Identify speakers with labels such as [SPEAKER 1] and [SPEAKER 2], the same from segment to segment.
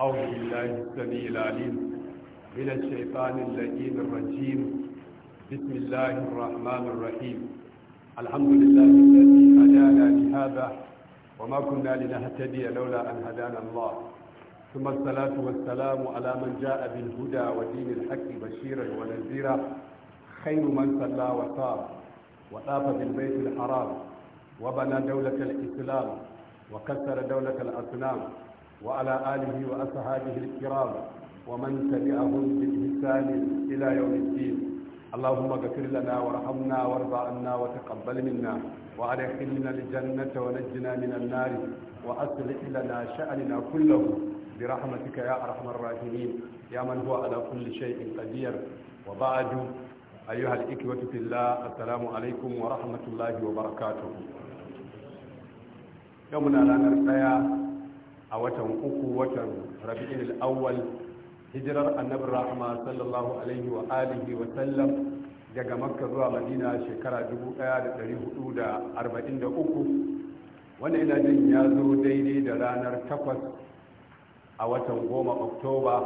[SPEAKER 1] أعوذ بالله السميع العليم من الشيطان اللئيم الرجيم بسم الله الرحمن الرحيم الحمد لله الذي هدانا لهذا وما كنا لنهتدي لولا أن هدانا الله ثم الصلاة والسلام على من جاء بالهدى ودين الحق بشيرا ونذيرا خير من صلى وصام وطاف بالبيت الحرام وبنى دولة الإسلام وكسر دولة الأصنام وعلى آله وأصحابه الكرام ومن تبعهم بإحسان إلى يوم الدين اللهم اغفر لنا وارحمنا وارض عنا وتقبل منا وادخلنا الجنة ونجنا من النار وأصلح لنا شأننا كله برحمتك يا أرحم الراحمين يا من هو على كل شيء قدير وبعد أيها الإخوة في الله السلام عليكم ورحمة الله وبركاته يومنا لا نرتاح a watan uku watan rabi'in al'awwal hijirar annabin rahama sallallahu alaihi wa alihi wa sallam daga makka zuwa madina shekara 1443 wanda ina jin ya zo daidai da ranar 8 a watan 10 oktoba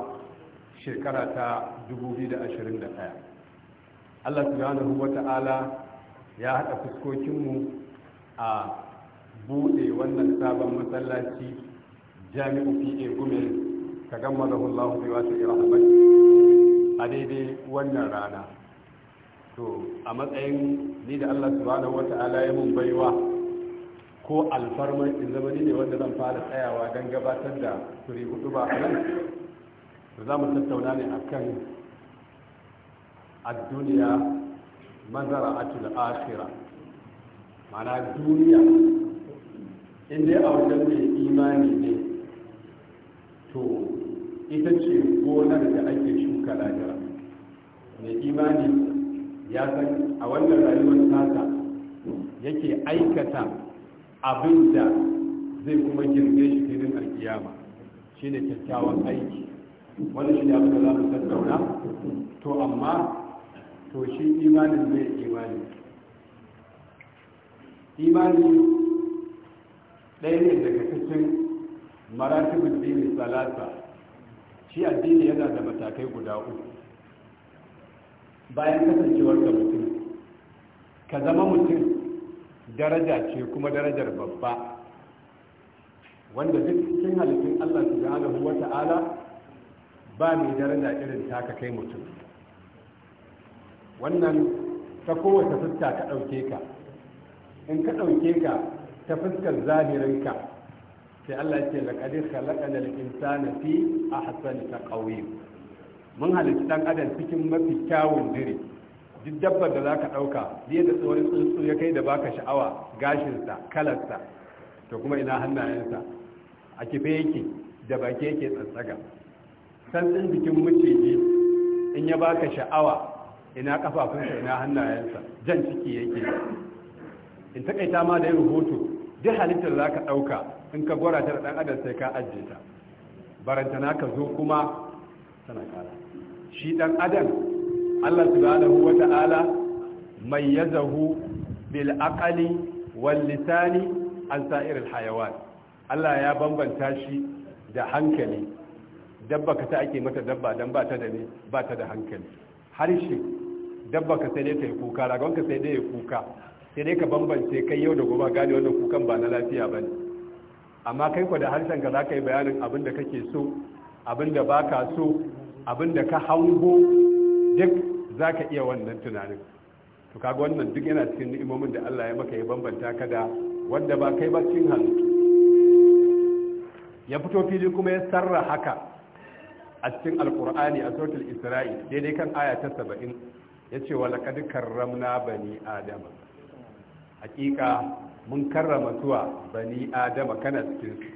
[SPEAKER 1] shekara ta 2021 allah subhanahu wata'ala ta'ala ya haɗa fuskokinmu a buɗe wannan sabon masallaci jami'u fi gumel ka gama da hullahu bai wata a daidai wannan rana to a matsayin ni da allah subhanahu wata'ala ya mun baiwa ko alfarmar in zama ne wanda zan fara tsayawa don gabatar da turi hudu ba a nan to za mu tattauna ne a kan duniya mazara atul akhirah mana duniya inda a wajen mai imani ne to ita ce gonar da ake shuka lahira mai imani ya san a wannan rayuwar tata yake aikata abin da zai kuma girbe shi filin alkiyama shi ne kyakkyawan aiki wani shi ne abin da za mu tattauna to amma to shi imanin zai imani imani ɗaya ne daga cikin maratibin dini salasa shi addini yana da matakai guda uku bayan kasancewar da mutum ka zama mutum daraja ce kuma darajar babba wanda duk cikin halittun allah subhanahu wa ta'ala ba mai daraja irin taka kai mutum wannan ta kowace fuska ka ɗauke ka in ka ɗauke ka ta fuskar zahirinka sai Allah ya ce laqad khalaqa lil insani fi ahsani taqwim mun halitta dan adam cikin mafi kyawun diri duk dabbar da zaka dauka biye da tsori tsuntsu ya kai da baka sha'awa gashinsa sa to kuma ina hannayensa a kife yake da baki yake tsantsaga santsin bikin maciji in ya baka sha'awa ina kafafunsa ina hannayensa jan ciki yake in takaita ma da rubutu rahoto duk halittar za ka ɗauka in ka gwara ta da dan adam sai ka ajiye ta barantana ka zo kuma tana kara shi dan adam Allah subhanahu ta'ala mai zahu bil aqali wal lisani an sa'ir al hayawan Allah ya bambanta shi da hankali dabba ka ta ake mata dabba dan ba ta da ne ba ta da hankali harshe dabba ka sai dai ta yi kuka ragon ka sai dai ya kuka sai dai ka bambance kai yau da gobe gane wannan kukan ba na lafiya bane amma kai ku da harshen ka za ka yi bayanin abin da kake so abin da ba ka so abin da ka hango duk za ka iya wannan tunanin to kaga wannan duk yana cikin ni'imomin da Allah ya maka ya bambanta ka da wanda ba kai ba cikin ya fito fili kuma ya sarra haka a cikin alkur'ani a suratul isra'i daidai kan aya ta saba'in ya ce wa karramna bani adama hakika mun karrama zuwa bani adama kana cikinsu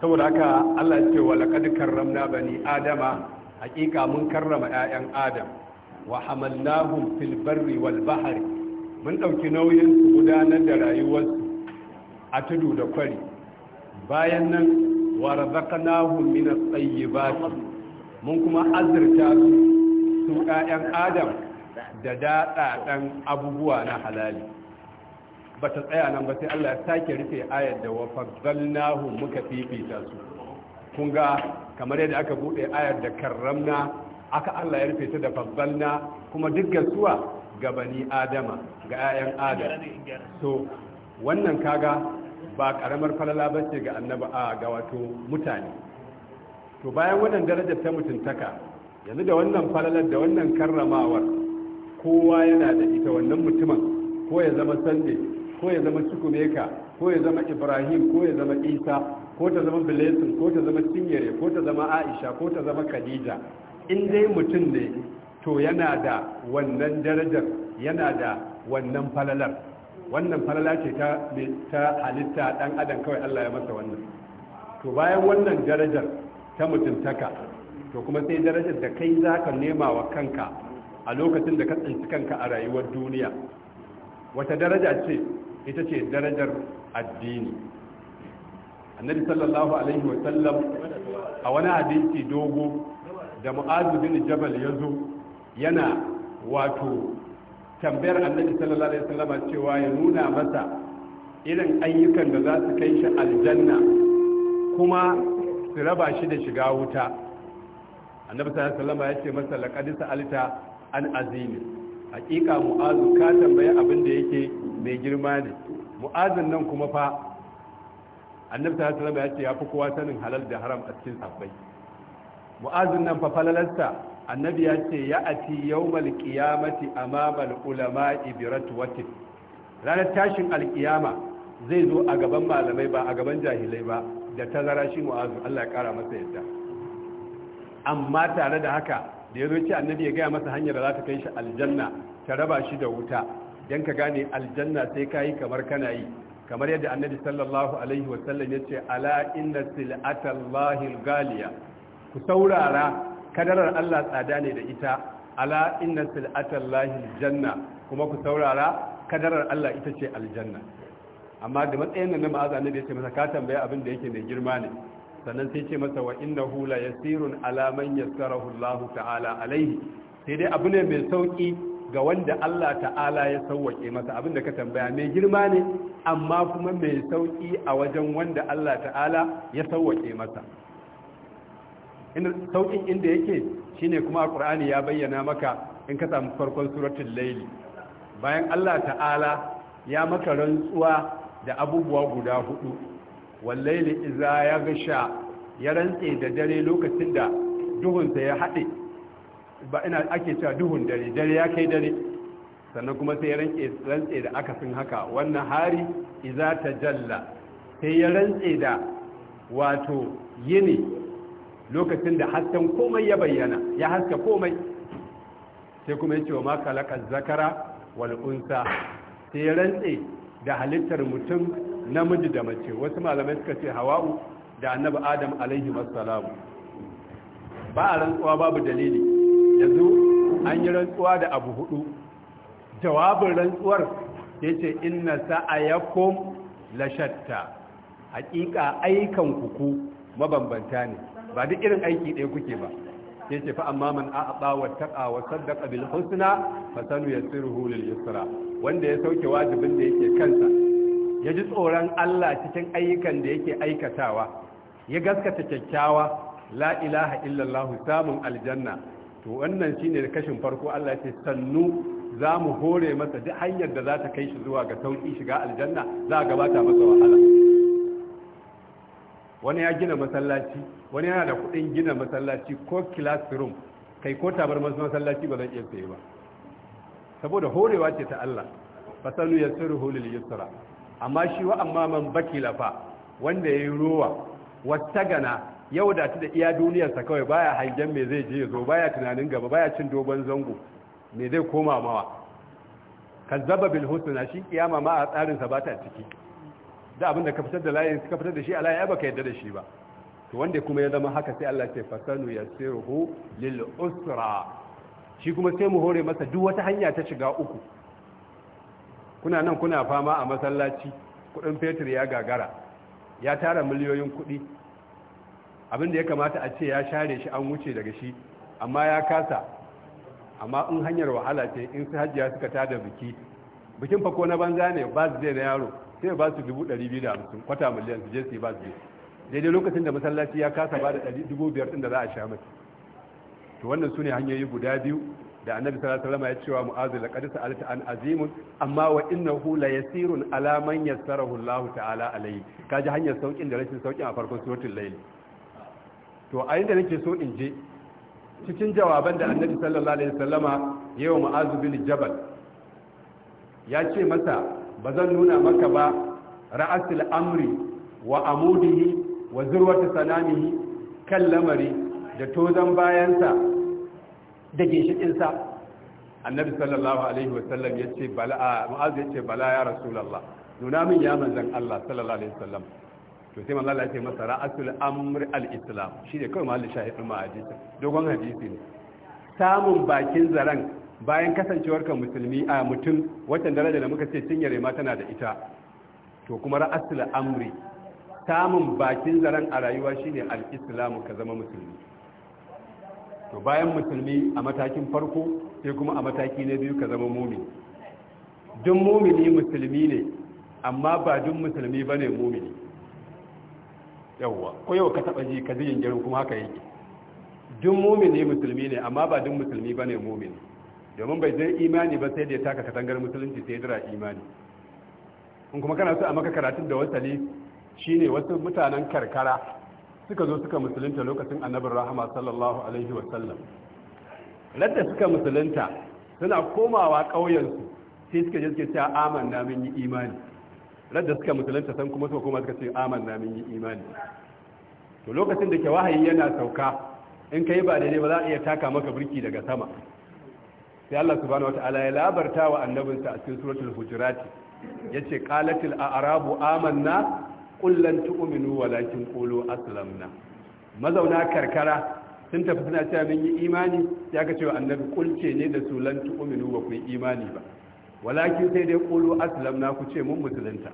[SPEAKER 1] saboda haka allah ce wa laƙad karramna bani adama hakika mun karrama 'ya'yan adam wa hamalnahum Filbarri walbahari bahari mun ɗauki nauyin gudanar da rayuwarsu a tudu da kwari bayan nan wa razaqnahum min at-tayyibat mun kuma azurta su su ƴaƴan adam da daɗaɗan abubuwa na halali ba ta tsaya nan ba sai Allah ya sake rufe ayar da wa nahu muka fifita su kun ga kamar yadda aka buɗe ayar da karramna aka Allah ya rufe ta da na kuma duk gasuwa ga bani adama ga 'ya'yan adam to wannan kaga ba karamar falala ba ce ga annaba a ga wato mutane to bayan wannan darajar ta mutuntaka yanzu da wannan falalar da wannan karramawar kowa yana da ita wannan mutumin ko ya zama sande ko ya zama cikumeka ko ya zama ibrahim ko ya zama isa ko ta zama bilesin ko ta zama cinyere ko ta zama aisha ko ta zama khadija in dai mutum ne to yana da wannan darajar yana da wannan falalar wannan falala ce ta ta halitta dan adam kawai Allah ya masa wannan to bayan wannan darajar ta mutuntaka to kuma sai darajar da kai zaka nema wa kanka a lokacin da ka tsinci kanka a rayuwar duniya wata daraja ce ita ce darajar addini annabi sallallahu alaihi wa sallam a wani hadisi dogo da mu'azu bin jabal yazo yana wato tambayar annabi sallallahu alaihi wasallam cewa ya nuna masa irin ayyukan da za su kai shi aljanna kuma su raba shi da shiga wuta annabi sallallahu alaihi wasallam ya ce masa laqad sa'alta an azimi hakika mu'azu ka tambaye abin da yake mai girma ne mu'azin nan kuma fa annabi sallallahu alaihi wasallam ya ce ya fi kowa sanin halal da haram a cikin sabbai mu'azin nan fa falalarsa annabi ya ce ya ati yawmal qiyamati amama al-ulama ibratwati ranar tashin alkiyama zai zo a gaban malamai ba a gaban jahilai ba da tazara shi mu'azu Allah ya kara masa yadda amma tare da haka da ya zo ce annabi ya gaya masa hanyar da za ta kai shi aljanna ta raba shi da wuta don ka gane aljanna sai ka yi kamar kana yi kamar yadda annabi sallallahu alaihi wasallam ya ce ala inna sil'atallahi galiya ku saurara kadarar Allah tsada ne da ita ala inna sil'atan lahi janna kuma ku saurara kadarar Allah ita ce aljanna amma da matsayin nan na ma'aza ne da ce masa ka tambaya abin da yake mai girma ne sannan sai ce masa wa innahu la yasirun ala man yassarahu Allah ta'ala alaihi sai dai abu ne mai sauki ga wanda Allah ta'ala ya sauwake masa abin da ka tambaya mai girma ne amma kuma mai sauki a wajen wanda Allah ta'ala ya sauwake masa sauƙin inda yake shine kuma alƙur'ani ya bayyana maka in ka samu farkon suratun laili bayan Allah ta'ala ya maka rantsuwa da abubuwa guda hudu wallaili iza ya gasha ya rantse da dare lokacin da duhunsa ya haɗe ba ina ake cewa duhun dare dare ya kai dare sannan kuma sai ya rantse da akasin haka wannan hari iza ta jalla sai ya rantse da wato yini lokacin da hasken komai ya bayyana ya haska komai sai kuma ya ce wa maka laƙar zakara wal sai ya rantse da halittar mutum namiji da mace wasu malamai suka ce hawa'u da annabi adam alaihi masalamu ba a rantsuwa babu dalili yanzu an yi rantsuwa da abu hudu jawabin rantsuwar ya ce inna sa'ayakum la shatta hakika aikan kuku mabambanta ne ba duk irin aiki ɗaya kuke ba ke ce fa amma man a'ata wa taƙa wa saddaqa bil husna fa sanu ya yasiruhu hulun yusra wanda ya sauke wajibin da yake kansa ya ji tsoron Allah cikin ayyukan da yake aikatawa ya gaskata kyakkyawa la ilaha samun aljanna to wannan shine kashin farko Allah ya ce sannu za mu hore masa duk hanyar da za ta kai shi zuwa ga sauƙi shiga aljanna za a gabata masa wahala wani ya gina masallaci wani yana da kuɗin gina masallaci ko classroom kai ko tabar masallaci ba zan iya saye ba saboda horewa ce ta Allah fasanu yassiruhu lil yusra amma shi wa amma man bakila fa wanda yayi rowa wattagana yau da ta da iya duniyar sa kawai baya hangen me zai je zo baya tunanin gaba baya cin dogon zango me zai koma mawa kazzaba bil husna shi kiyama ma a tsarin sa bata ciki da abin da ka fitar da layin suka fitar da shi a layin ba ka yadda da shi ba to wanda kuma ya zama haka sai Allah ya fasanu yassiruhu lil usra shi kuma sai mu hore masa duk wata hanya ta shiga uku kuna nan kuna fama a masallaci kudin fetur ya gagara ya tara miliyoyin kudi abin da ya kamata a ce ya share shi an wuce daga shi amma ya kasa amma in hanyar wahala ce in su hajjiya suka tada biki bikin fako na banza ne ba zai na yaro sai ba su dubu ɗari biyu da hamsin kwata miliyan su je su yi ba su daidai lokacin da masallaci ya kasa ba da ɗari dubu biyar ɗin da za a sha mace. to wannan su ne hanyoyi guda biyu da annabi sallallahu alaihi wasallam ya cewa mu'azil laqad sa'alta an azimun amma wa innahu la yasirun ala man yassarahu Allah ta'ala alayhi kaji hanyar saukin da rashin saukin a farkon suratul layl to a inda nake so in je cikin jawaban da annabi sallallahu alaihi wasallama wa mu'azil bin jabal ya ce masa ba zan nuna maka ba ra'as ra'asul amri wa amudihi wa zurwata sanamihi kan lamari da tozan bayansa da sa. annabi sallallahu alaihi wasallam ya ce bala mu'az ya ce bala ya rasulallah nuna min ya manzan Allah sallallahu alaihi wasallam to sai manzo Allah ya ce masa ra'asul amri al-islam shi ne kawai mahallin shahidin ma hadisi dogon hadisi ne samun bakin zaran bayan kasancewar ka musulmi a mutum watan daraja da muka ce cinyare ma tana da ita to kuma ra'asul amri samun bakin zaren a rayuwa shine al-islamu ka zama musulmi to bayan musulmi a matakin farko sai kuma a mataki na biyu ka zama mumin duk mumini musulmi ne amma ba duk musulmi bane mumini yawwa ko yau ka taba ji ka ji yingirin kuma haka yake duk mumini musulmi ne amma ba duk musulmi bane mumini domin bai zai imani ba sai da ya taka katangar musulunci sai dira imani in kuma kana su a maka karatun da wasali shine wasu mutanen karkara suka zo suka musulunta lokacin annabin rahama sallallahu alaihi wasallam ladda suka musulunta suna komawa ƙauyensu sai suka je suke cewa na mun yi imani ladda suka musulunta san kuma suka koma suka ce na mun yi imani to lokacin da ke wahayi yana sauka in kai ba daidai ba za a iya taka maka birki daga sama sai Allah subhanahu wata'ala ya labarta wa annabinsa a cikin suratul hujurat yace qalatil a'rabu amanna qul lan tu'minu walakin qulu aslamna mazauna karkara sun tafi suna cewa mun yi imani ya ka cewa annabi kulce ne da su lan tu'minu ba ku imani ba walakin sai dai qulu aslamna ku ce mun musulunta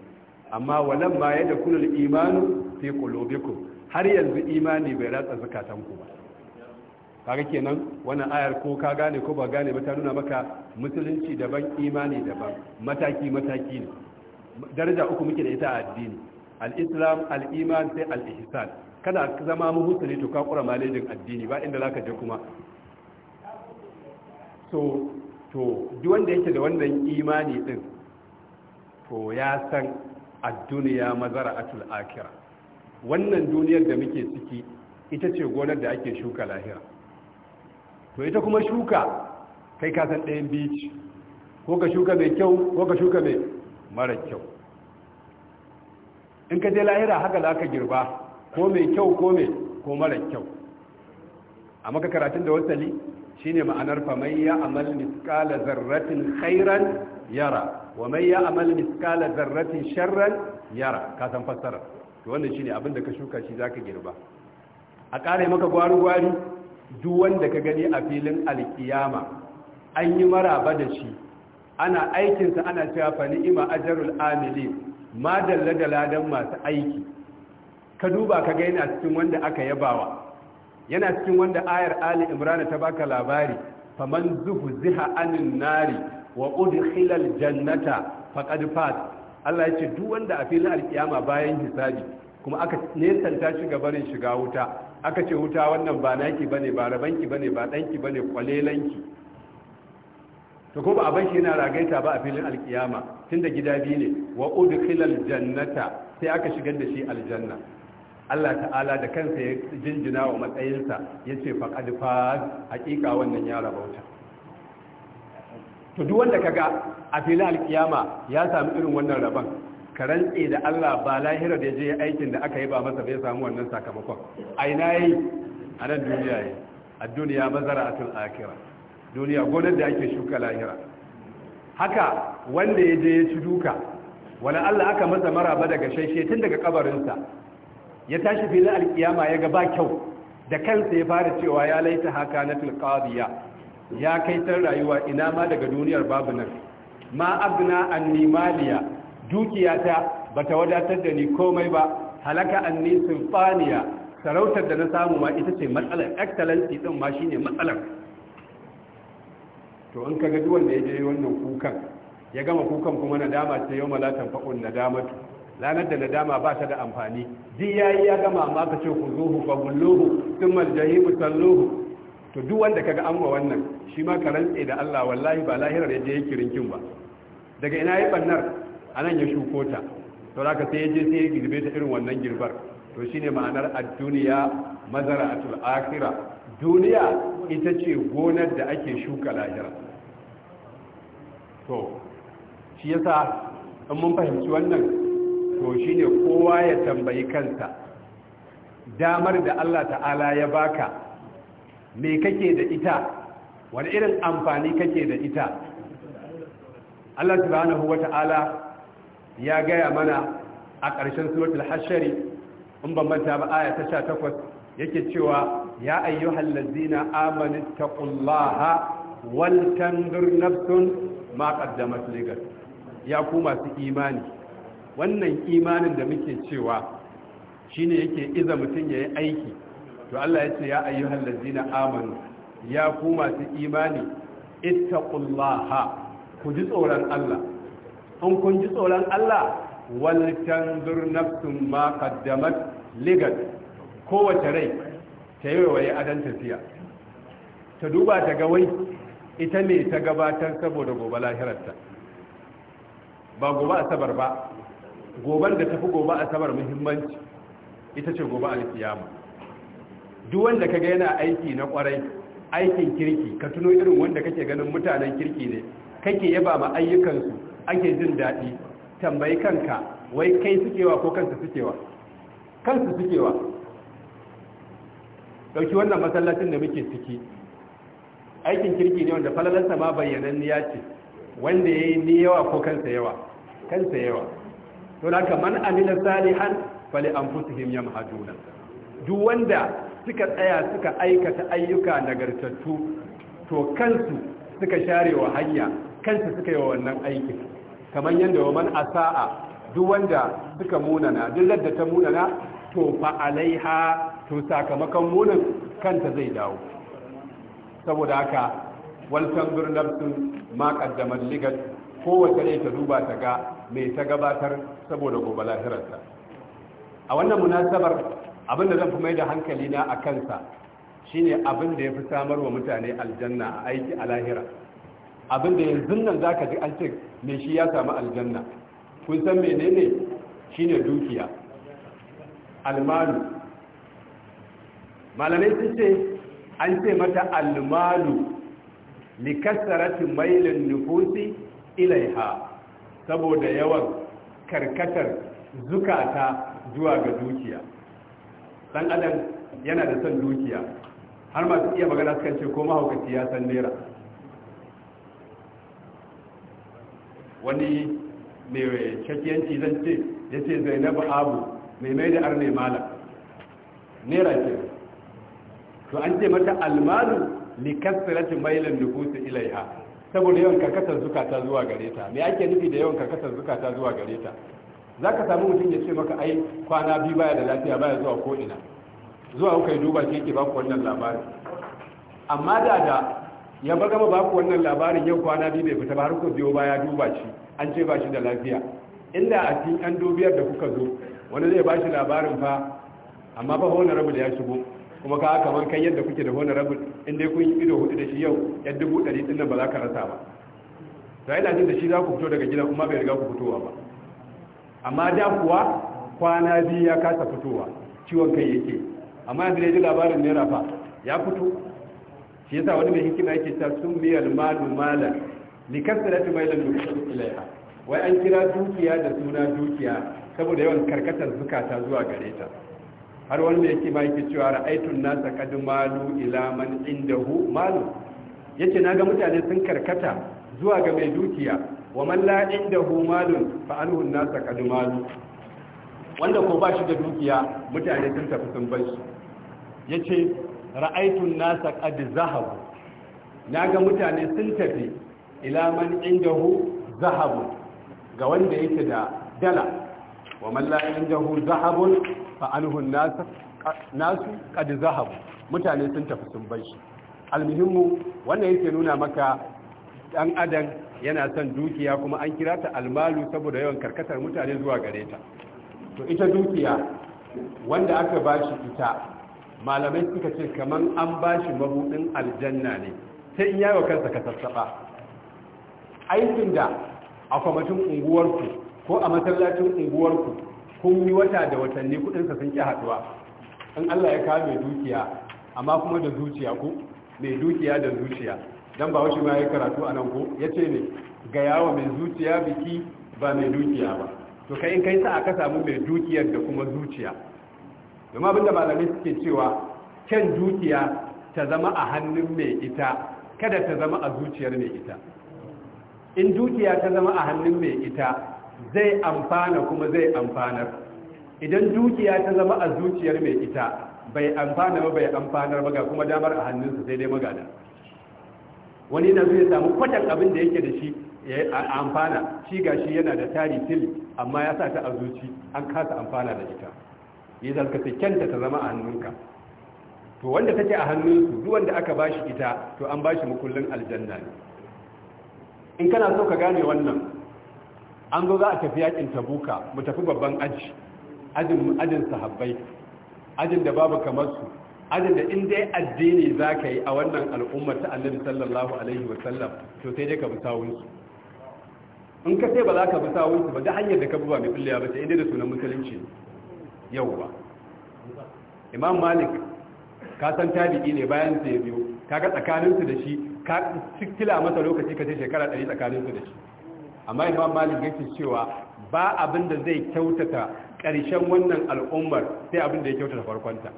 [SPEAKER 1] amma walamma yadkulul imanu fi qulubikum har yanzu imani bai ratsa zakatanku ba kaga kenan wannan ayar ko ka gane ko ba gane ba ta nuna maka musulunci daban imani daban mataki mataki ne daraja uku muke da ita a addini al-islam al-iman sai al-ihsan kana zama musulmi to ka kura malejin addini ba inda zaka je kuma so to duk wanda yake da wannan imani din to ya san ad-dunya mazara'atul akhirah wannan duniyar da muke ciki ita ce gonar da ake shuka lahira to ita kuma shuka kai ka san ɗayan bici, ko ka shuka mai kyau ko ka shuka mai mara kyau in ka je lahira haka za ka girba ko mai kyau ko mai ko mara kyau a maka karatun da wasali ne ma'anar famai ya amal miskala zarratin khairan yara wa mai ya amal miskala zarratin sharran yara ka san fassara to wannan shi ne abinda ka shuka shi za ka girba a ƙare maka gwari gwari duk wanda ka gani a filin alkiyama an yi maraba da shi ana aikinsa ana cewa fa ni'ima ajrul amilin ma dalla da ladan masu aiki ka duba ka ga yana cikin wanda aka yabawa yana cikin wanda ayar ali imran ta baka labari faman zuhziha anin nari wa udkhila aljannata faqad fat Allah yace duk wanda a filin alkiyama bayan hisabi kuma aka nesanta shi ga barin shiga wuta aka ce wuta wannan ba naki bane ba rabanki bane ba danki bane kwalelanki to ko ba a bar yana ragaita ba a filin alkiyama tunda gida biyu ne wa udkhilal jannata sai aka shigar da shi aljanna Allah ta'ala da kansa ya jinjina wa matsayinsa ya ce faƙad faz hakika wannan ya rabauta to duk wanda kaga a filin alkiyama ya samu irin wannan rabon ka rantse da Allah ba lahira da je aikin da aka yi ba masa bai samu wannan sakamakon aina yi a nan duniya yi a duniya tun akira duniya gonar da ake shuka lahira haka wanda ya je ya ci duka wani Allah aka masa maraba daga shaishe tun daga kabarinsa ya tashi filin alkiyama ya ga ba kyau da kansa ya fara cewa ya laita haka na tulqadiya ya kai ta rayuwa ina ma daga duniyar babu nan ma abna an nimaliya dukiyata ba ta wadatar da ni komai ba halaka ni sinfaniya sarautar da na samu ma ita ce matsalar excellency din ma shine matsalar to in kaga duk wanda ya je wannan kukan ya gama kukan kuma nadama ce yau malatan fa'un nadamatu lanar da nadama ba ta da amfani duk yayi ya gama amma ka ce ku zuhu fa bulluhu thumma aljahimu salluhu to duk wanda kaga amma wannan shi ma ka rantse da Allah wallahi ba lahirar ya je yake rinkin ba daga ina yi bannar a nan ya shuko ta to haka sai ya je sai ya girbe ta irin wannan girbar to shine ma'anar ad-duniya mazara'atul akhirah duniya ita ce gonar da ake shuka lahira to shi yasa in mun fahimci wannan to shine kowa ya tambayi kansa damar da Allah ta'ala ya baka me kake da ita wani irin amfani kake da ita Allah subhanahu Ta'ala. ya gaya mana a ƙarshen suratul hashari in ban manta ba aya ta 18 yake cewa ya ayyuhal ladzina amanu taqullaha wal tanzur nafsun ma qaddamat ligat ya ku masu imani wannan imanin da muke cewa shine yake iza mutun yayi aiki to Allah ya ce ya ayyuhal ladzina amanu ya ku masu imani ittaqullaha ku ji tsoron Allah in kun ji tsoron Allah wal tanzur nafsun ma qaddamat ligad kowace rai ta yi waye adan tafiya ta duba ta ga wai ita ne ta gabatar saboda gobe lahirarta ba gobe asabar ba goban da tafi gobe asabar muhimmanci ita ce gobe alkiyama duk wanda kaga yana aiki na kwarai aikin kirki ka tuno irin wanda kake ganin mutanen kirki ne kake yaba ma ayyukansu ake jin daɗi tambayi kanka wai kai sukewa ko kansu sukewa kansu sukewa Ɗauki wannan masallacin da muke ciki aikin kirki ne wanda falalarsa ma ya ce wanda ya yi ni yawa ko kansa yawa kansa yawa to da haka man amila salihan fali anfusihim yamhaduna duk wanda suka tsaya suka aikata ayyuka nagartattu to kansu suka sharewa hanya kansu suka yi wa wannan aikin kamar yadda wa man asa'a duk wanda suka munana duk ladda ta munana to fa alaiha to sakamakon munin kanta zai dawo saboda haka wal birnin nafsun ma qaddamat ligat kowace ne ta duba ta ga mai ta gabatar saboda gobe lahirarsa a wannan munasabar abin da zan fi mai da hankali na a kansa shine abin da ya fi samar wa mutane aljanna a aiki a lahira abinda yanzu nan za ka ji an ce mai shi ya sami aljanna kun san menene shi ne dukiya almalu malamai sun ce an ce mata almalu likasaratin mailin nufusi ilaiha saboda yawan karkatar zukata zuwa ga dukiya dan adam yana da son dukiya har masu iya magana sukan ce ko mahaukaci ya san nera. wani mai cakiyanci zan ce ya ce zainabu abu mai mai da arne mala nera ce to an ce mata almalu li kasirati mailan nufusu ilaiha saboda yawan karkatar zukata zuwa gare ta me ake nufi da yawan karkatar zukata zuwa gare ta zaka samu mutum ya ce maka ai kwana biyu baya da lafiya baya zuwa ko ina zuwa kuka yi duba shi yake ku wannan labari. amma da da ya ba gama baku wannan labarin yau kwana biyu bai fita ba har ku biyo baya duba shi an ce ba shi da lafiya inda a cikin yan dubiyar da kuka zo wani zai ba shi labarin fa amma fa da ya shigo kuma ka kamar kan yadda kuke da rabu in dai kun yi ido hudu da shi yau yan dubu ɗari din nan ba za ka rasa ba to ina jin da shi za ku fito daga gidan kuma bai riga ku fitowa ba amma da kuwa kwana biyu ya kasa fitowa ciwon kai yake amma yanzu dai ji labarin naira fa ya fito shi yasa wani mai hikima yake ta summiyal malu mala li kasrati mailan nusul ilaiha wai an kira dukiya da suna dukiya saboda yawan karkatar zukata zuwa gare ta har wani mai hikima yake cewa ra'aitun nasa kad malu ila man indahu malu yace naga mutane sun karkata zuwa ga mai dukiya wa man la indahu malun fa anhu nasa kad malu wanda ko ba shi da dukiya mutane sun tafi sun bar shi yace ra'aitun nasa qad zahabu naga mutane sun tafi ila man indahu zahabu ga wanda yake da dala wa man la indahu zahabun fa anhu nasa nasu qad zahabu mutane sun tafi sun bar shi almuhimmu wannan yake nuna maka dan adam yana son dukiya kuma an kira ta almalu saboda yawan karkatar mutane zuwa gare ta to ita dukiya wanda aka bashi ita malamai suka ce kamar an ba shi mabuɗin aljanna ne sai in yawa kansa ka sassaɓa aikin da a kwamitin unguwarku ko a masallacin unguwarku kun yi wata da watanni kuɗinsa sun ƙi haɗuwa in allah ya kawo mai dukiya amma kuma da zuciya ko mai dukiya da zuciya don ba wasu ma ya karatu a nan ko ya ce ne ga yawa mai zuciya biki ba mai dukiya ba to kai in kai sa aka samu mai dukiyar da kuma zuciya domin abinda malamai suke cewa kyan dukiya ta zama a hannun mai ita kada ta zama a zuciyar mai ita in dukiya ta zama a hannun mai ita zai amfana kuma zai amfanar idan dukiya ta zama a zuciyar mai ita bai amfana ba bai amfanar ba ga kuma damar a hannunsa sai dai magana wani na zai samu kwatan abin da yake da shi ya amfana shi shi yana da tari tili amma ya sa ta a zuci an kasa amfana da ita ya zalka kyanta ta zama a hannunka to wanda take a hannunsu duk wanda aka bashi ita to an bashi mukullin aljanna ne in kana so ka gane wannan an zo za a tafi yakin tabuka mu tafi babban aji ajin ajin sahabbai ajin da babu kamar su ajin da in dai addini za ka yi a wannan al'ummar ta annabi sallallahu alaihi wa sallam to sai dai ka bi sawun su in ka sai ba za ka bi sawun su ba da hanyar da ka bi ba mai kulliya ba sai dai da sunan musulunci ba imam malik ka san tabi'i ne bayan sa ya biyo kaga ga tsakaninsu da shi ka cikila masa lokaci ka ce shekara 100 tsakaninsu da shi amma imam malik ce cewa ba abin da zai kyautata ƙarshen wannan al'ummar sai abin da ya kyautata farkonta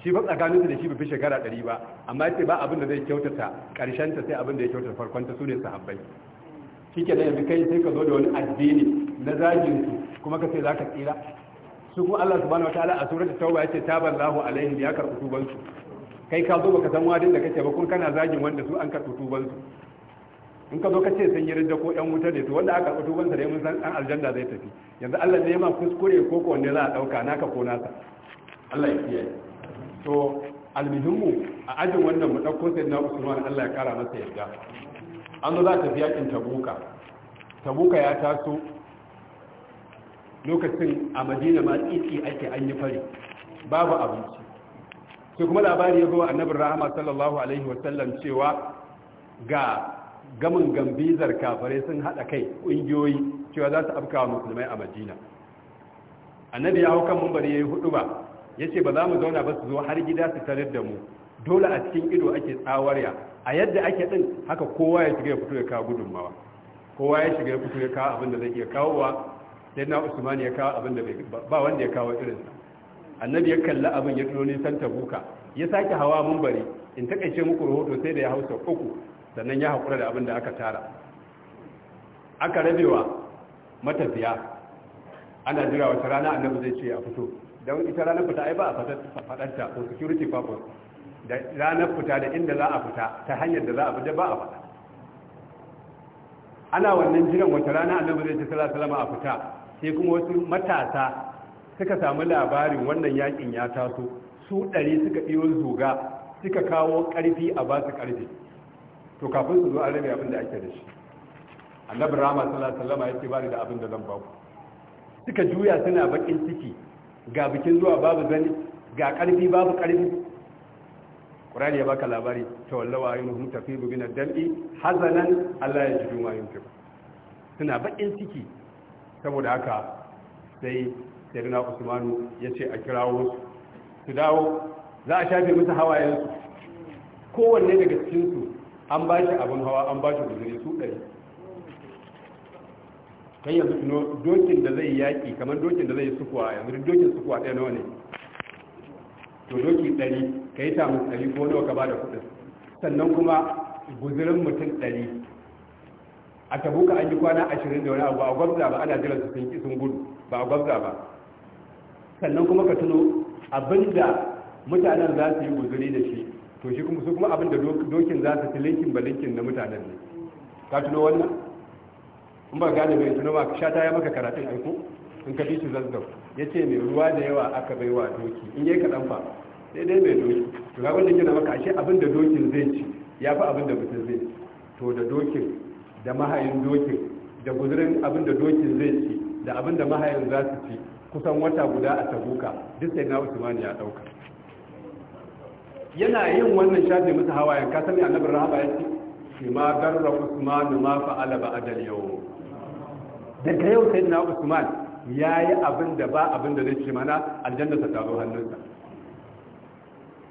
[SPEAKER 1] shi ba tsakaninsu da shi ba fi shekara 100 ba amma ce ba abin da zai kyautata ƙarshen ta sai abin da ya kyautata farkonta sune sahabbai ke da yanzu kai sai ka zo da wani addini na zagin su kuma ka sai zaka tsira su kuma Allah subhanahu wataala a suratul tauba yace taballahu alaihim ya karɓi tuban su kai ka zo baka san wadin da kake ba kun kana zagin wanda su an karɓi tuban su in ka zo ka ce san yi ko ɗan wuta ne to wanda aka karɓi tuban sa dai mun san an aljanna zai tafi yanzu Allah ne ma kuskure ko ko wanda za a dauka naka ko naka Allah ya kiyaye to almuhimmu a ajin wannan mu dauko sai na Usman Allah ya kara masa yarda an zo za ta fi yakin tabuka tabuka ya taso lokacin a madina ma tsitsi ake an yi fari babu abinci sai kuma labari ya zo annabin rahama sallallahu alaihi wasallam cewa ga gamin gambizar kafare sun haɗa kai ƙungiyoyi cewa za su afka wa musulmai a madina annabi ya hau kan mambari ya yi hudu ba ya ce ba za mu zauna ba su zo har gida su tarar da mu dole a cikin ido ake tsawarya a yadda ake ɗin haka kowa ya shiga ya fito ya kawo gudunmawa kowa ya shiga ya fito ya kawo abin zai iya kawowa sai na usman ya kawo abin da ba wanda ya kawo irinsa annabi ya kalla abin ya tuno nisan tabuka ya sake hawa bari in takaice muku rahoto sai da ya hausa uku sannan ya haƙura da abin da aka tara aka rabewa matafiya ana jira wata rana annabi zai ce a fito don ita ranar fita ai ba a fadanta ko security purpose da ranar fita da inda za a fita ta hanyar da za a fita ba a fada ana wannan jiran wata rana annabi zai ce sallallahu alaihi wasallam a fita sai kuma wasu matasa suka samu labarin wannan yakin ya taso su ɗari suka ɗiyo zuga suka kawo ƙarfi a ba su ƙarfi to kafin su zo an rabe abin da ake da shi annabi rama sallallahu alaihi wasallam yake bani da abin da zan ba ku suka juya suna bakin ciki ga bikin zuwa babu zani ga ƙarfi babu ƙarfi Qur'ani ya baka labari ta wallawa ayyuhum tafidu bin ad-dam'i hazanan alla yajidu ma yunfiqu suna bakin ciki saboda haka sai sayyidina usmanu ya ce a kirawo su su dawo za a shafe musu hawayensu kowanne daga cikinsu an ba shi abin hawa an ba shi guzuri su ɗari kan yanzu dokin da zai yaƙi kamar dokin da zai sukuwa yanzu dokin sukuwa ɗaya nawa ne to doki ɗari ka yi samun ɗari ko nawa ka ba da kuɗin sannan kuma guzurin mutum ɗari a tabuka an yi kwana ashirin da wani abu ba a gwamza ba ana jiran su sun ki gudu ba a gwamza ba sannan kuma ka tuno abinda mutanen za su yi guzuri da shi to shi kuma su kuma abinda dokin za su ci linkin ba linkin na mutanen ne ka tuno wannan in ba gane mai tuno ka sha ta ya maka karatun aiko in ka fi shi zazzau ya ce mai ruwa da yawa aka bai wa doki in yi kaɗan fa daidai mai doki to ga wanda gina maka ashe abinda dokin zai ci ya fi abinda mutum zai to da dokin da mahayin dokin da guzurin abin da dokin zai ci da abin da mahayin za su ci kusan wata guda a tabuka duk sai na usman ya dauka yana yin wannan shafe musu hawayen ka sani annabi rahaba ya ce shi ma garra usman ma fa'ala ba'da yau. daga yau sai na usman yayi abin da ba abin da zai ci mana aljanna ta taro hannunsa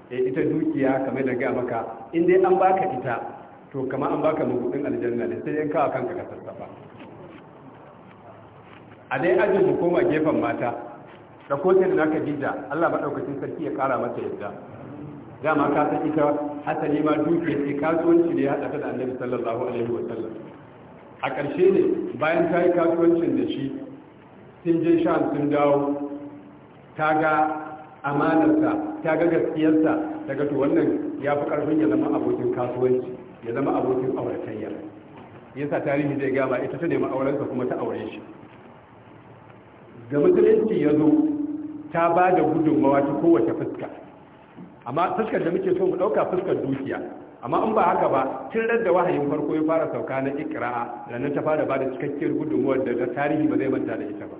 [SPEAKER 1] e ita dukiya kamar da gaya maka in dai an baka ita to kama an baka mabudin aljanna ne sai yan kawo kanka ka sassafa a dai ajin mu koma gefen mata da kotun da naka jidda Allah daukacin sarki ya kara mata yadda dama ka san ita hasali ma dukiya ce kasuwanci ne ya haɗa da annabi sallallahu alaihi wa sallam a ƙarshe ne bayan ta yi kasuwancin da shi sun je shan sun dawo ta ga amanarsa ta ga gaskiyarsa daga to wannan ya fi ƙarfin ya zama abokin kasuwanci ya zama abokin auratayya yasa tarihi zai gama ita ta nemi aurensa kuma ta aure shi ga musulunci ya zo ta ba da gudunmawa ta kowace fuska amma fuskar da muke so mu ɗauka fuskar dukiya amma in ba haka ba tun da wahayin farko ya fara sauka na ikira'a nan ta fara ba da cikakkiyar gudunmawar da da tarihi ba zai manta da ita ba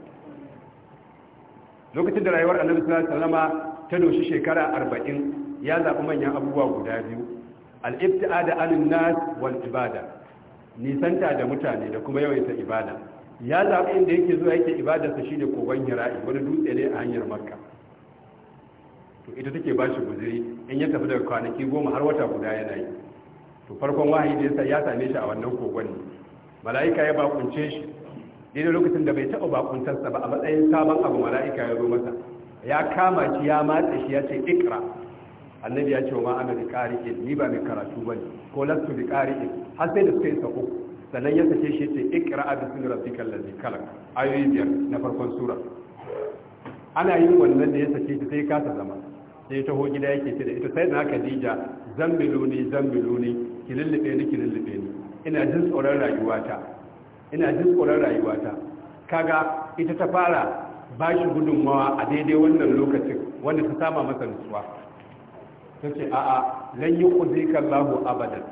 [SPEAKER 1] lokacin da rayuwar annabi sallallahu alaihi wasallama ta doshi shekara arba'in ya zaɓi manyan abubuwa guda biyu al-ibtida anin nas wal ibada nisanta da mutane da kuma yawaita ibada ya zaɓi inda yake zuwa yake ibadarsa shi ne kogon hira'i wani dutse ne a hanyar makka to ita take ba shi guziri in ya tafi daga kwanaki goma har wata guda yana yi to farkon wahayi da ya same shi a wannan kogon ne mala'ika ya bakunce shi daidai lokacin da bai taɓa bakuntarsa ba a matsayin sabon abu mala'ika ya zo masa ya kama shi ya matse shi ya ce ikra annabi ya ce wa ma ana da qari'in ni ba mai karatu ba ne ko lastu bi qari'in har sai da suka yi sako sannan ya sace shi ce sun bismi rabbikal ladzi khalaq ayoyi biyar na farkon sura ana yin wannan da ya sace shi sai kasa zama sai taho gida yake ce da ita sai na Khadija zambiluni zambiluni ki lullube ni ki lullube ni ina jin tsoron rayuwata ina jin tsoron rayuwata kaga ita ta fara bashi gudunmawa a daidai wannan lokacin wanda ta sama masa nutsuwa ta ce a'a lan yi kuzika Allah abadan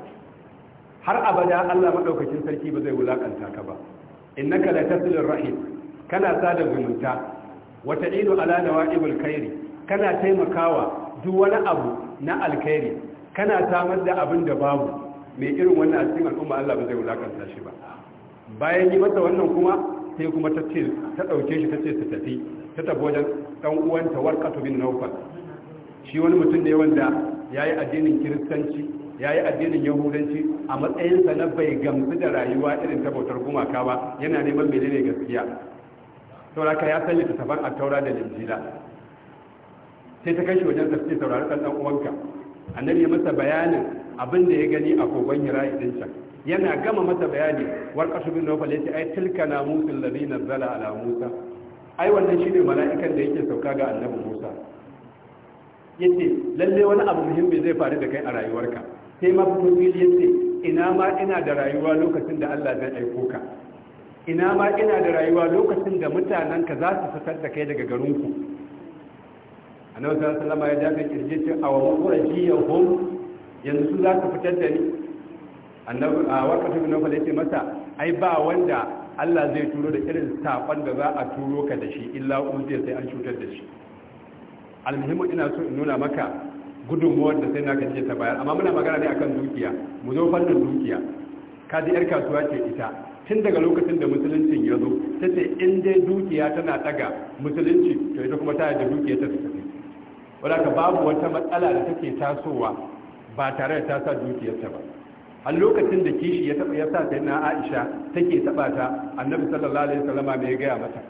[SPEAKER 1] har abada Allah madaukakin sarki ba zai wulakanta ka ba innaka la tasilir rahim kana sada zumunta wata ido ala nawa'ibul khairi kana taimakawa duk wani abu na alkhairi kana samar da abin da babu mai irin wannan a cikin al'umma Allah ba zai wulakanta shi ba bayan yi masa wannan kuma sai kuma ta ce ta dauke shi ta ce ta tafi ta tafi wajen dan uwanta warqatu bin nawfal shi wani mutum ne wanda ya yi addinin kiristanci ya yi addinin yahudanci a matsayinsa na bai gamsu da rayuwa irin ta bautar gumaka ba yana neman ne gaskiya sauraka ya sanya littattafan a taura da linjila sai ta kai shi wajen tafsir saurari ɗan uwanka annabi ya masa bayanin abin da ya gani a kogon hira idin can yana gama masa bayani war kasu bin nofal ya ce ai tilka na musul lalina zala ala musa ai wannan shine mala'ikan da yake sauka ga annabi musa ce, lalle wani abu muhimmi zai faru da kai a rayuwarka sai ma fito fili ina ma ina da rayuwa lokacin da Allah zai aiko ka ina ma ina da rayuwa lokacin da mutanen ka za su fitar da kai daga garin ku annabi sallallahu alaihi wasallam ya dafe kirje ce a wa qurajiyahum yanzu su za su fitar da ni annabi a wakati ibn ya ce masa ai ba wanda Allah zai turo da irin sakon da za a turo ka da shi illa zai sai an cutar da shi almuhimmin ina so in nuna maka gudunmuwar da sai na kace ta bayar amma muna magana ne akan dukiya mu zo fannin dukiya ka ji yar kasuwa ce ita tun daga lokacin da musuluncin ya zo ta ce in dai dukiya tana daga musulunci to ita kuma ta da dukiya ta tafi wadaka babu wata matsala da take tasowa ba tare da ta sa dukiyarta ba a lokacin da kishi ya taɓa ya sa ta na aisha take taba ta annabi sallallahu alaihi wasallama gaya mata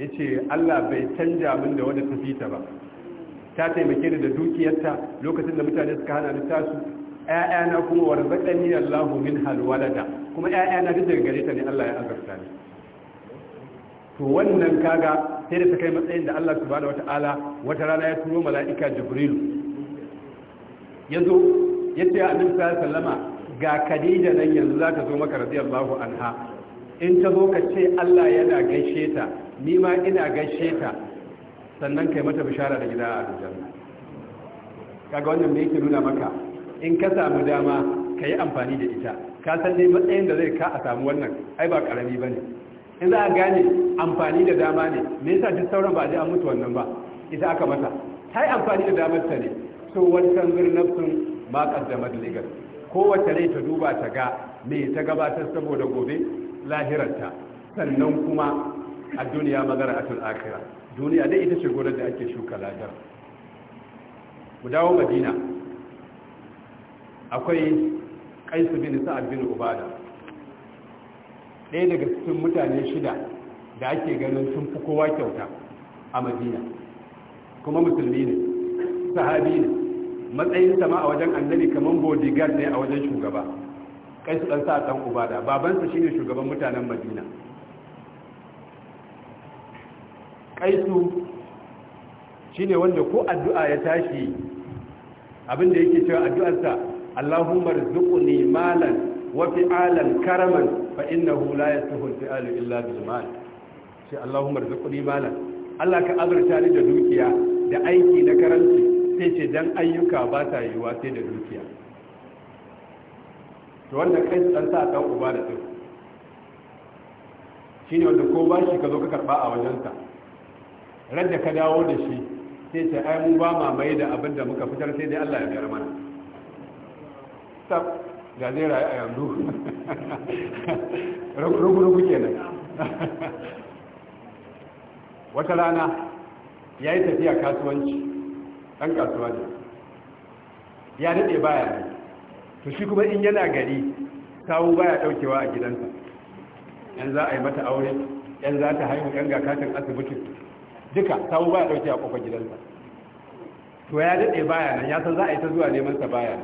[SPEAKER 1] ya ce allah bai canja min da wadda tafita ba ta taimake ni da dukiyarta lokacin da mutane suka hana ni tasu ƴaƴana kuma warzaqani Allahu min halwalada kuma ƴaƴana duk daga gare ta ne Allah ya azarta ni to wannan kaga sai da ta kai matsayin da Allah subhanahu wataala wata rana ya turo mala'ika Ya yazo yace annabi ga Khadija nan yanzu za ta zo maka radiyallahu anha in ta zo ka ce Allah yana gaishe ta ni ma ina gaishe ta sannan kai mata bishara da gida a aljanna kaga wannan me yake nuna maka in ka samu dama ka yi amfani da ita ka san dai matsayin da zai ka a samu wannan ai ba karami bane in za a gane amfani da dama ne me yasa duk sauran ba a je an mutu wannan ba ita aka mata ta yi amfani da damar ta ne so wani tanzir nafsun ma qaddamat ligat kowace rai ta duba ta ga me ta gabatar saboda gobe lahirarta sannan kuma a duniya magana a tul'akira duniya dai ita ce gonar da ake shuka lajar ku dawo madina akwai kaisu bin sa'ad bin ubada ɗaya daga cikin mutane shida da ake ganin sun fi kowa kyauta a madina kuma musulmi ne sahabi ne Matsayin sama a wajen annabi kamar bodyguard ne a wajen shugaba kai su ɗan sa ɗan ubada babansa shine shugaban mutanen madina kaisu shine wanda ko addu'a ya tashi abinda yake cewa addu'arsa Allahumma rzuqni malan wa fi'alan karaman fa innahu la yasuhu fi'alu illa bil mal sai Allahumma rzuqni malan Allah ka azurta ni da dukiya da aiki na karanci sai ce dan ayyuka ba ta yiwa sai da dukiya to wannan kai dan sa dan uba da Shi shine wanda ko ba shi ka zo ka karba a wajensa radda ka dawo da shi sai ta ai mu ba ma mai da abin da muka fitar sai dai Allah ya biyar mana tab ga zai rayu a yanzu rugu-rugu kenan wata rana yayi tafiya kasuwanci dan kasuwa ne ya dade baya ne to shi kuma in yana gari kawo baya daukewa a gidansa yan za a yi mata aure yan za ta haihu yan gakatin asibiti duka kawo baya daukewa kofar gidansa to ya daɗe baya nan ya san za a yi ta zuwa neman sa baya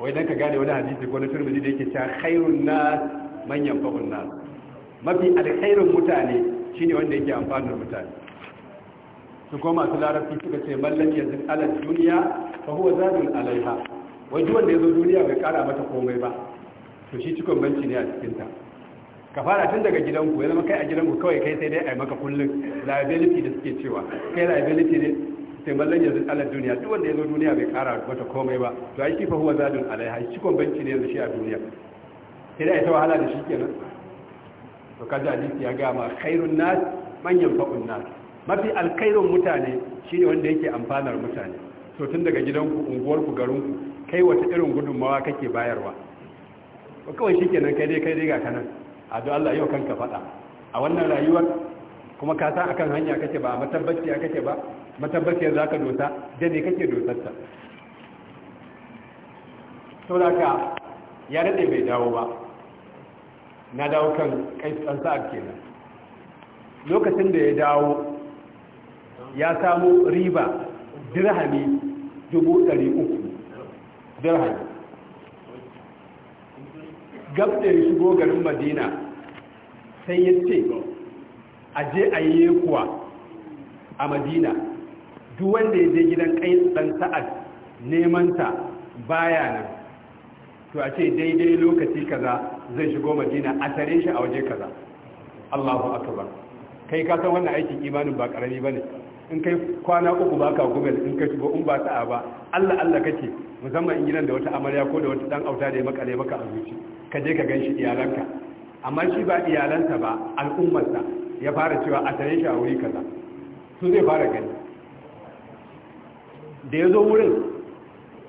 [SPEAKER 1] wai dan ka gane wani hadisi ko na turmiji da yake cewa khairun nas man yanfa'un nas mafi alkhairun mutane shine wanda yake amfanar mutane su masu larabci suka ce mallan yanzu alal duniya fa huwa zadun alaiha wai duk wanda ya zo duniya bai kara mata komai ba to shi cikon banci ne a cikin ta ka fara tun daga gidanku ya zama kai a gidanku kawai kai sai dai a yi maka kullum liability da suke cewa kai liability ne sai mallan yanzu tsallar duniya duk wanda ya zo duniya bai kara mata komai ba to ai kifa huwa zadun alaiha cikon banci ne yanzu shi a duniya sai dai a yi ta wahala da shi kenan to kaji hadisi ya gama khairun nas manyan fa'un nas mafi alkhairun mutane shine wanda yake amfanar mutane to tun daga gidanku unguwarku garinku kai wata irin gudunmawa kake bayarwa ba kawai shi kenan kai dai kai dai ga kanan a don Allah yau kanka faɗa a wannan rayuwar kuma ka san akan hanya kake ba matabbaciya kake ba matabbaciya za ka dosa da ne kake dosarta to da ka ya daɗe bai dawo ba na dawo kan kai ɗan sa'ad kenan lokacin da ya dawo ya samu riba dirhami dubu ɗari uku dirhami gab da ya shigo garin madina sai ya ce a je a yi kuwa a madina duk wanda ya je gidan kai ɗan sa'ad nemanta baya nan to a ce daidai lokaci kaza zai shigo madina a tare shi a waje kaza allahu akbar kai ka san wannan aikin imanin ba karami ba ne in kai kwana uku ba ka gumel in ka shigo in ba sa'a ba Allah Allah kake musamman in gidan da wata amarya ko da wata dan auta da ya makale maka a ka je ka ganshi iyalanka amma shi ba iyalanta ba al'ummarsa ya fara cewa a tare shi a wuri kaza su zai fara gani da ya zo wurin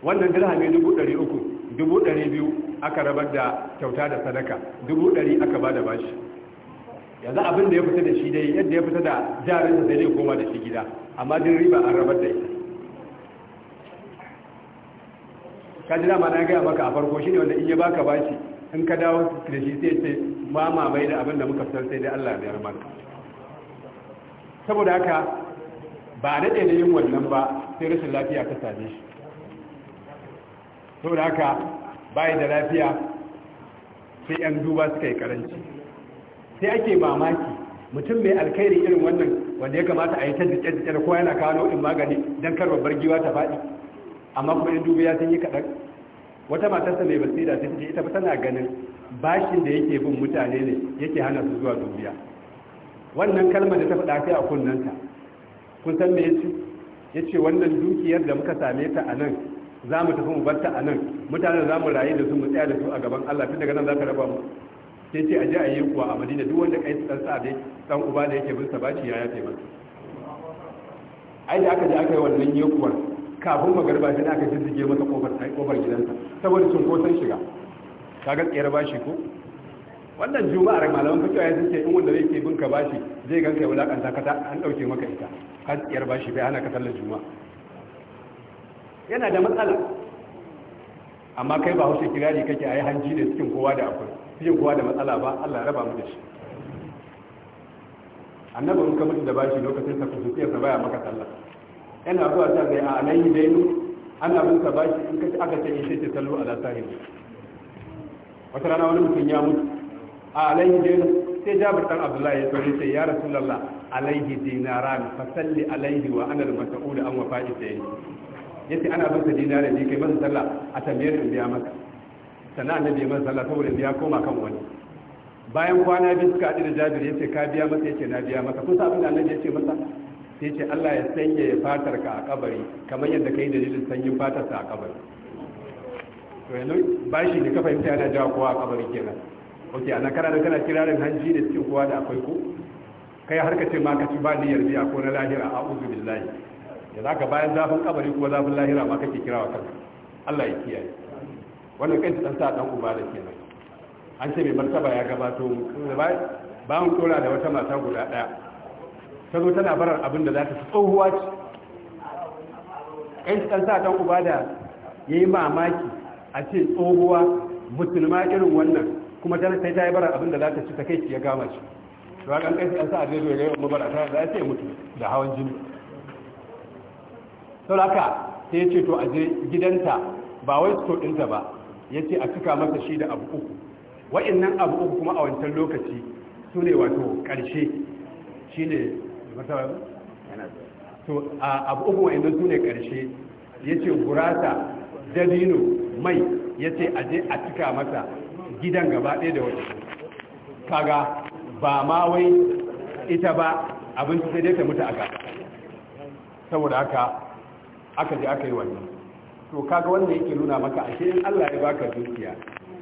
[SPEAKER 1] wannan dirhami dubu ɗari uku dubu ɗari biyu aka rabar da kyauta da sadaka dubu ɗari aka ba da bashi yanzu abin da ya fita da shi dai yadda ya fita da jarin da zai koma da shi gida amma din riba an rabar da ita ka ji dama na gaya maka a farko shi ne wanda in ya baka bashi in ka dawo da shi sai ce ma mamaye da abin da muka fitar sai dai Allah ya yarmar saboda haka ba daɗe da yin wannan ba sai rashin lafiya ta same shi saboda haka bayi da lafiya sai 'yan duba suka yi karanci sai ake mamaki mutum mai alkhairi irin wannan wanda ya kamata a yi ta jike-jike kowa yana kawo nau'in magani don kar babbar giwa ta faɗi amma kuma in dubiya sun yi kaɗan wata matarsa mai basira ta ce ita ba tana ganin bashin da yake bin mutane ne yake hana su zuwa dubiya wannan kalmar da ta faɗa sai a kunnanta kun san me yace yace wannan dukiyar da muka same ta a nan za mu tafi mu bar ta a nan mutanen za mu rayu da su mu tsaya da su a gaban Allah tun daga nan za ka raba mu sai ce a je a yi kuwa a madina duk wanda kai dan sa dai dan uba da yake bin sa baci ya yafe masa ai da aka je aka yi wannan yekuwar kafin magarba sai aka jijjige masa kofar sai kofar gidansa saboda sun ko san shiga kaga tsayar bashi ko wannan juma'ar malaman fikiwa ya ce in wanda zai ke bin ka bashi zai ganka ya wulakanta ka an dauke maka ita har tsayar bashi bai ana ka sallar juma'a yana da matsala amma kai ba hausa kirari kake ayi hanji da cikin kowa da akwai yin kuwa da matsala ba Allah ya raba mu da shi annabin ka mutu da bashi lokacin sa kusa sa baya maka sallah yana zuwa ta ga a alayhi dainu ana mun ka bashi in ka ci aka ce shi ce sallu ala sahib wata rana wani mutum ya mutu a alayhi dainu sai jabir dan abdullahi ya tsori sai ya rasulullah alayhi dinaran fa salli alayhi wa ana al-mas'ul an wafa'i sai yace ana bin sa dinaran ne kai masa sallah a tambayar biya maka sannan annabi ya masa sallah saboda ya koma kan wani bayan kwana biyu suka haɗu da Jabiru yace ka biya masa yace na biya masa kun san da annabi yace masa sai ce Allah ya sanya ya fatar ka a kabari kamar yadda kai dalilin sanyin fatar ka a kabari to yanzu bashi ne ka fahimta yana jawo kowa a kabari kenan ok ana kana da kana kirarin hanji da cikin kowa da akwai ko kai har ka ce ma ka ci ba niyyar biya ko na lahira a uzu billahi da zaka bayan zafin kabari ko zafin lahira ma kake kirawa kanka Allah ya kiyaye wannan kai dan sa dan uba da kenan an ce mai martaba ya gabato ba mu tsora da wata mata guda daya ta zo tana barar abin da za ta fi tsohuwa ce kai dan sa dan uba da yayi mamaki a ce tsohuwa musulma irin wannan kuma ta sai ta yi barar abin da za ta ci ta kai ya gama ci to a kan kai dan sa da ya ga mabarata za ta mutu da hawan jini saboda haka sai ya ce to aje gidanta ba wai so ɗinta ba Ya ce a cika masa shi da abu uku wa'annan abu uku kuma a wancan lokaci su ne wato ƙarshe shi ne A abu uku wa'annan su ne ƙarshe ya ce gurasa dalino mai ya ce a je a cika masa gidan gaba ɗaya da wata kaga ba ma wai ita ba abinci sai dai ta mutu aka saboda haka aka je aka yi wannan to kaga wannan yake nuna maka ashe in Allah ya baka dukiya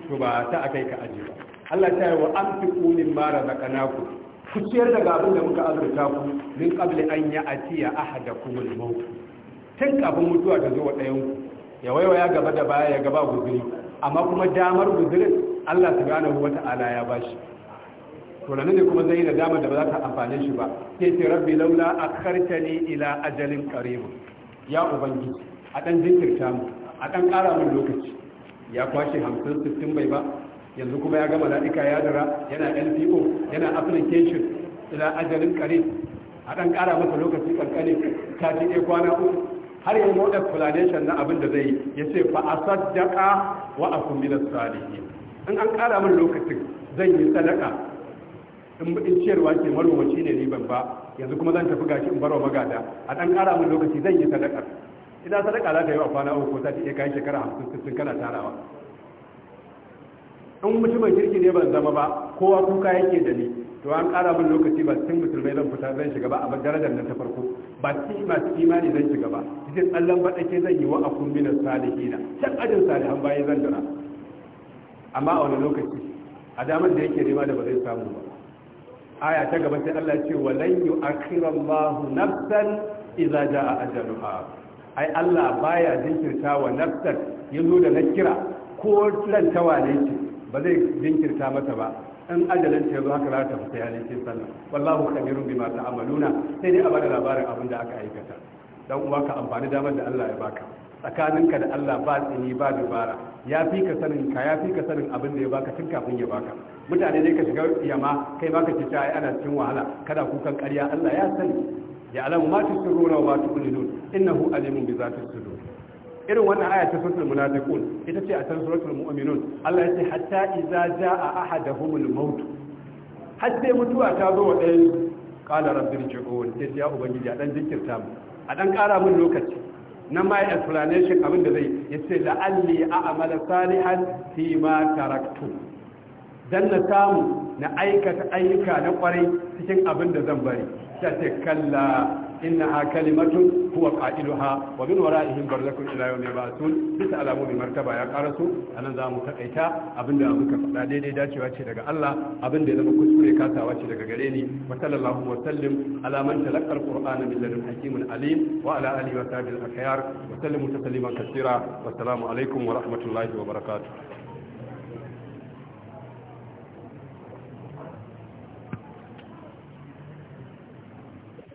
[SPEAKER 1] to ba ta akai ka aje ba Allah ta yi wa amfiku min ma razaqnakum ku ciyar daga abin da muka azurta ku min qabli an atiya ahadakum al-maut tun kafin mutuwa ta zo wa ɗayan ku ya waiwaya gaba da baya ya gaba guzuri amma kuma damar guzurin Allah subhanahu wata'ala ya bashi to nan ne kuma zai da dama da ba za ta amfane shi ba sai ce rabbi laula akhartani ila ajalin qarib ya ubangiji a ɗan jinkirta mu a ɗan ƙara mun lokaci ya kwashe hamsin sittin bai ba yanzu kuma ya gama la'ika ya dara yana npo yana application ila ajalin kare a ɗan ƙara masa lokaci ƙanƙani kafin ɗaya kwana uku har yi mo explanation na abin da zai yi ya ce fa a sadaka wa a kumina salihi in an ƙara mun lokacin zan yi sadaka in ciyarwa ke maromaci ne ni ban ba yanzu kuma zan tafi gashi in barwa magada a ɗan ƙara mun lokaci zan yi sadaka ina sadaka za ka yi wa kwana uku ko sati ɗaya kayan shekara hamsin sun kana tarawa in mutumin kirki ne ban zama ba kowa kuka yake da ni to an ƙara min lokaci ba cikin musulmai zan fita zan shiga ba a darajar nan ta farko ba cikin masu imani zan shiga ba cikin tsallan baɗake zan yi wa akun minas salihina can ajin salihan bayan zan dara amma a wani lokaci a damar da yake nema da ba zai samu ba aya ta gaba sai Allah ce wa lan yu'akhiru Allahu nafsan idza jaa ajaluha ai Allah baya jinkirta wa nafsar yanzu da na kira ko rantawa ne ce ba zai jinkirta mata ba in ajalin ta yazo haka za ta fita yayin cin sallah wallahu kabirun bima ta'maluna sai dai a bada labarin abin da aka aikata dan uwa ka amfani damar da Allah ya baka tsakaninka da Allah ba tsini ba dubara ya fi ka sanin ka ya fi ka sanin abin da ya baka tun kafin ya baka mutane dai ka shiga yama kai baka ce ai ana cikin wahala kada kukan ƙarya Allah ya sani ya'lamu ma tusirruna wa ma tu'linun innahu alimun bi zati sudur irin wannan aya ta suratul munafiqun ita ce a cikin suratul mu'minun Allah ya ce hatta idza jaa ahaduhumul maut har mutuwa ta zo wa ɗayan qala rabbir ji'un sai ya ubangiji a dan jinkirta mu a dan kara mun lokaci na mai explanation abin da zai yace la'alli a'mala salihan fi ma taraktu dan na samu na aikata ayyuka na kwarai cikin abin da zan bari ta ce kalla innaha kalimatun huwa qailuha wa min wara'ihim barzakun ila yawmi ba'thun bisa alamomi martaba ya karasu anan za mu takaita abinda muka dai daidai dacewa ce daga Allah abinda ya zama kuskure kasawa ce daga gare ni wa sallallahu wa sallim ala man talaqa alqur'ana min ladun hakimin alim wa ala alihi wa sahbihi al-akhyar wa sallimu tasliman katsira wa assalamu alaikum wa rahmatullahi wa barakatuh